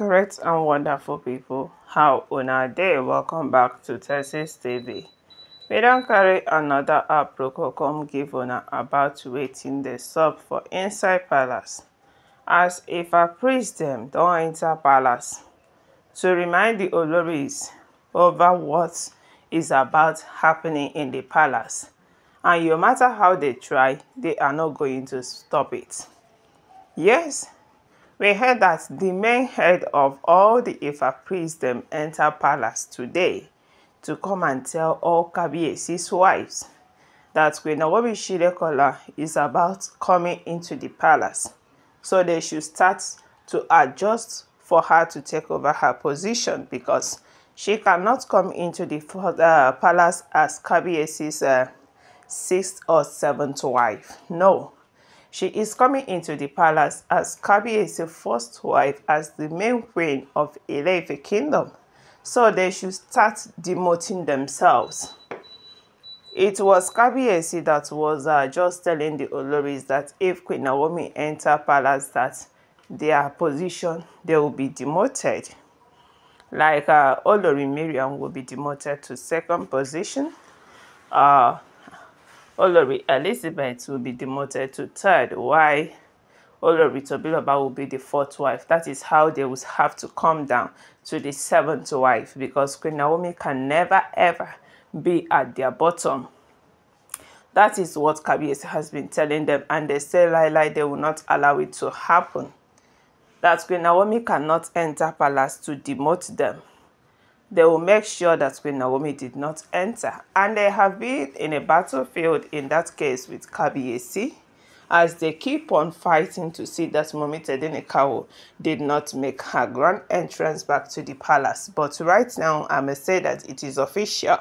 Correct and wonderful people, how una day? Welcome back to Texas TV. We don't carry another aproko come give una about waiting the sub for inside palace. As if a priest them don't enter palace to remind the Oloris over what is about happening in the palace. And no matter how they try, they are not going to stop it. Yes, We heard that the main head of all the Ifa priests enter palace today to come and tell all Kabiesi's wives that Queen Nawomi Shirekola is about coming into the palace. So they should start to adjust for her to take over her position because she cannot come into the uh, palace as Kabiesi's uh, sixth or seventh wife. No, she is coming into the palace as Kabi is the first wife as the main queen of Ileife kingdom. So they should start demoting themselves. It was Kabiesi that was uh, just telling the Oloris that if Queen Naomi enter palace that their position, they will be demoted. Like uh, Olori Miriam will be demoted to second position. Uh, Olori Elizabeth will be demoted to third, Why? Olori Tobiloba will be the fourth wife. That is how they will have to come down to the seventh wife because Queen Naomi can never ever be at their bottom. That is what Kabiyesi has been telling them and they say lie lie they will not allow it to happen. That Queen Naomi cannot enter palace to demote them. They will make sure that Queen Naomi did not enter. And they have been in a battlefield in that case with KBAc, as they keep on fighting to see that Mummy Tedinikawo did not make her grand entrance back to the palace. But right now, I must say that it is official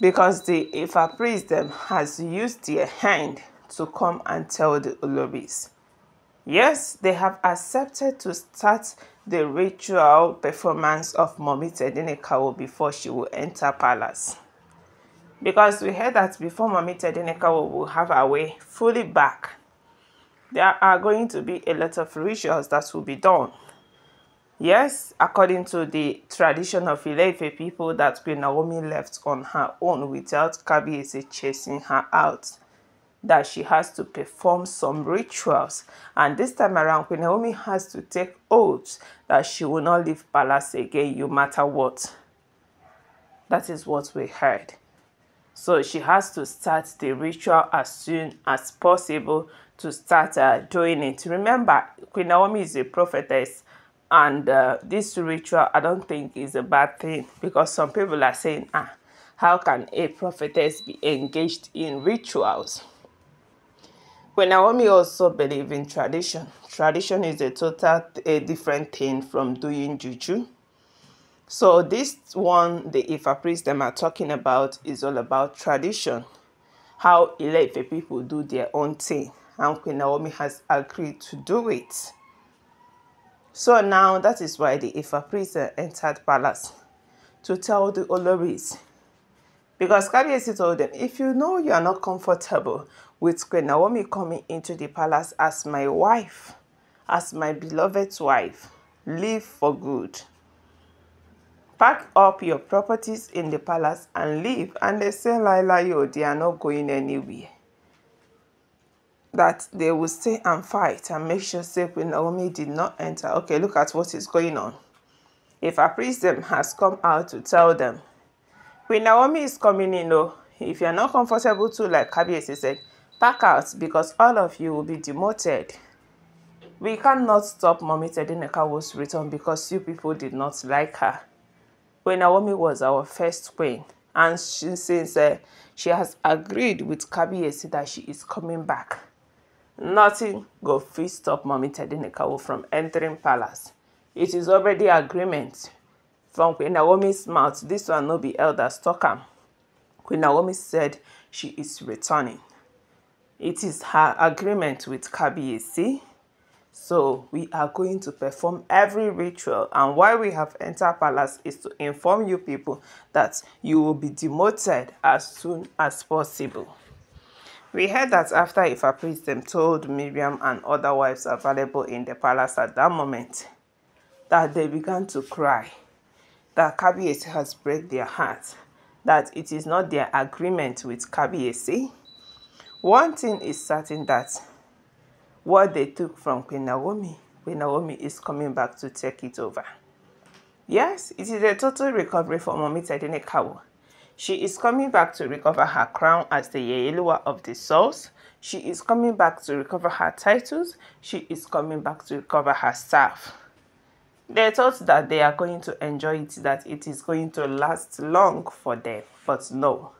because the Ifa priest them has used their hand to come and tell the Olobis. Yes, they have accepted to start the ritual performance of Mommy Tedinekawo before she will enter palace. Because we heard that before Mommy Tedinekawo will have her way fully back, there are going to be a lot of rituals that will be done. Yes, according to the tradition of ile people that Queen Naomi left on her own without Kabiyesi chasing her out. that she has to perform some rituals. And this time around, Queen Naomi has to take oaths that she will not leave palace again, no matter what. That is what we heard. So she has to start the ritual as soon as possible to start uh, doing it. Remember, Queen Naomi is a prophetess and uh, this ritual I don't think is a bad thing because some people are saying, ah, how can a prophetess be engaged in rituals? Well, Naomi also believe in tradition. Tradition is a total a different thing from doing juju. So this one, the Ifa priest them are talking about is all about tradition, how Ilefe people do their own thing, and Queen Naomi has agreed to do it. So now that is why the Ifa priest eh, entered palace to tell the Oloris because Kabiesi told them, if you know you are not comfortable with Queen Naomi coming into the palace as my wife, as my beloved wife, leave for good. Pack up your properties in the palace and leave. And they say, Laila, yo, oh, they are not going anywhere. That they will stay and fight and make sure say Queen Naomi did not enter. Okay, look at what is going on. If a priest them has come out to tell them When Naomi is coming in though. If you're not comfortable to like Kabiyesi said, pack out because all of you will be demoted. We cannot stop Mommy Tedinekawo's return because you people did not like her. When Naomi was our first queen and she, since uh, she has agreed with Kabiyesi that she is coming back, nothing go fit stop Mommy Tedinekawo from entering palace. It is already agreement. from Queen Naomi's mouth, This one no be elder, stalk Queen Naomi said she is returning. It is her agreement with Kabiyesi. So we are going to perform every ritual and why we have entered palace is to inform you people that you will be demoted as soon as possible. We heard that after Ifa them told Miriam and other wives available in the palace at that moment, that they began to cry that Kabiesi has break their heart. that it is not their agreement with Kabiesi. One thing is certain that what they took from Queen Naomi, Queen Naomi is coming back to take it over. Yes, it is a total recovery for Momita Tedine Kawo. She is coming back to recover her crown as the Yeyeluwa of the souls. She is coming back to recover her titles. She is coming back to recover her staff. They thought that they are going to enjoy it, that it is going to last long for them, but no.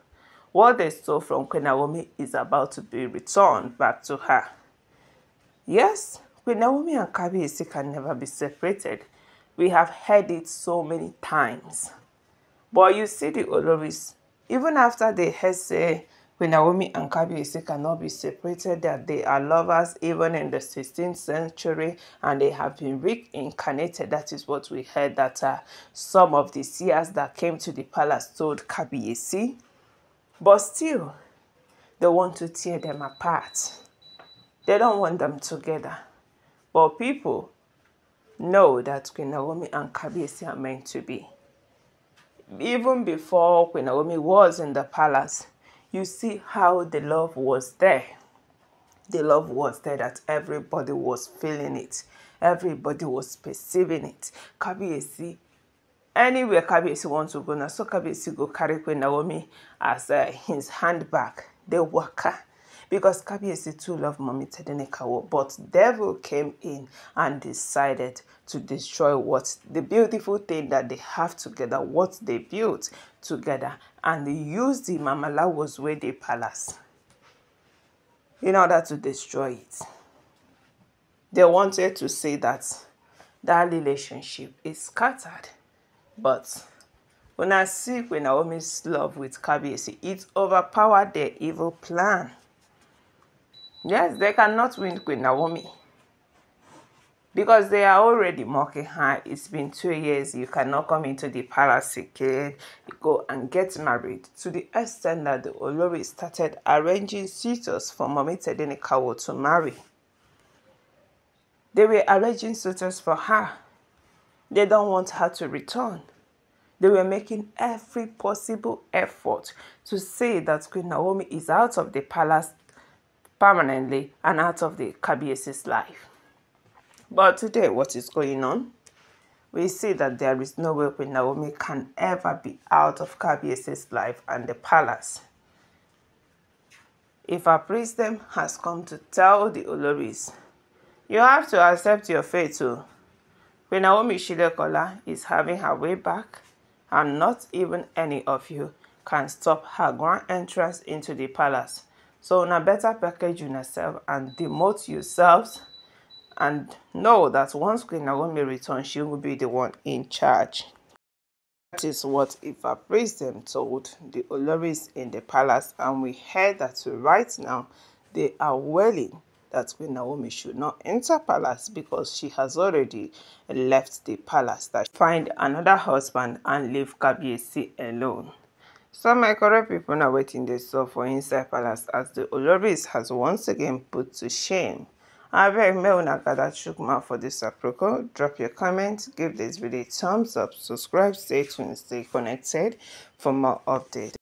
What they stole from Queen Naomi is about to be returned back to her. Yes, Queen Naomi and Kabiyesi can never be separated. We have heard it so many times. But you see the Oloris, even after they heard say When Naomi and Kabiyesi cannot be separated that they are lovers even in the 16th century and they have been reincarnated. That is what we heard that uh, some of the seers that came to the palace told Kabiyesi. But still, they want to tear them apart. They don't want them together. But people know that Queen Naomi and Kabiyesi are meant to be. Even before Queen Naomi was in the palace, you see how the love was there. The love was there that everybody was feeling it. Everybody was perceiving it. Kabiyesi, anywhere Kabiyesi wants to go now, so Kabiyesi go carry Queen Naomi as uh, his handbag. The worker, because Kabiyesi too loved Mommy Tedenekawo, but devil came in and decided to destroy what the beautiful thing that they have together, what they built together, and they used the Mamala was where they palace in order to destroy it. They wanted to say that that relationship is scattered, but when I see when Naomi's love with Kabiesi, it overpowered their evil plan. Yes, they cannot win Queen Naomi. because they are already mocking her. It's been two years, you cannot come into the palace again. go and get married. To the extent that the Olori started arranging suitors for Mommy Tedini to marry. They were arranging suitors for her. They don't want her to return. They were making every possible effort to say that Queen Naomi is out of the palace permanently and out of the Kabiesi's life. But today, what is going on? We see that there is no way when Naomi can ever be out of KBS's life and the palace. If a priestess has come to tell the Oloris, you have to accept your fate too. Oh. When Naomi Shilekola is having her way back and not even any of you can stop her grand entrance into the palace. So now better package yourself and demote yourselves and know that once Queen Naomi returns, she will be the one in charge. That is what Ifa Prism told the Oloris in the palace, and we heard that right now they are willing that Queen Naomi should not enter palace because she has already left the palace that find another husband and leave Kabiesi alone. So my correct people are waiting they saw for inside palace as the Oloris has once again put to shame I beg Melnagada Chukma for this article. Drop your comments, give this video a thumbs up, subscribe, stay tuned, stay connected for more updates.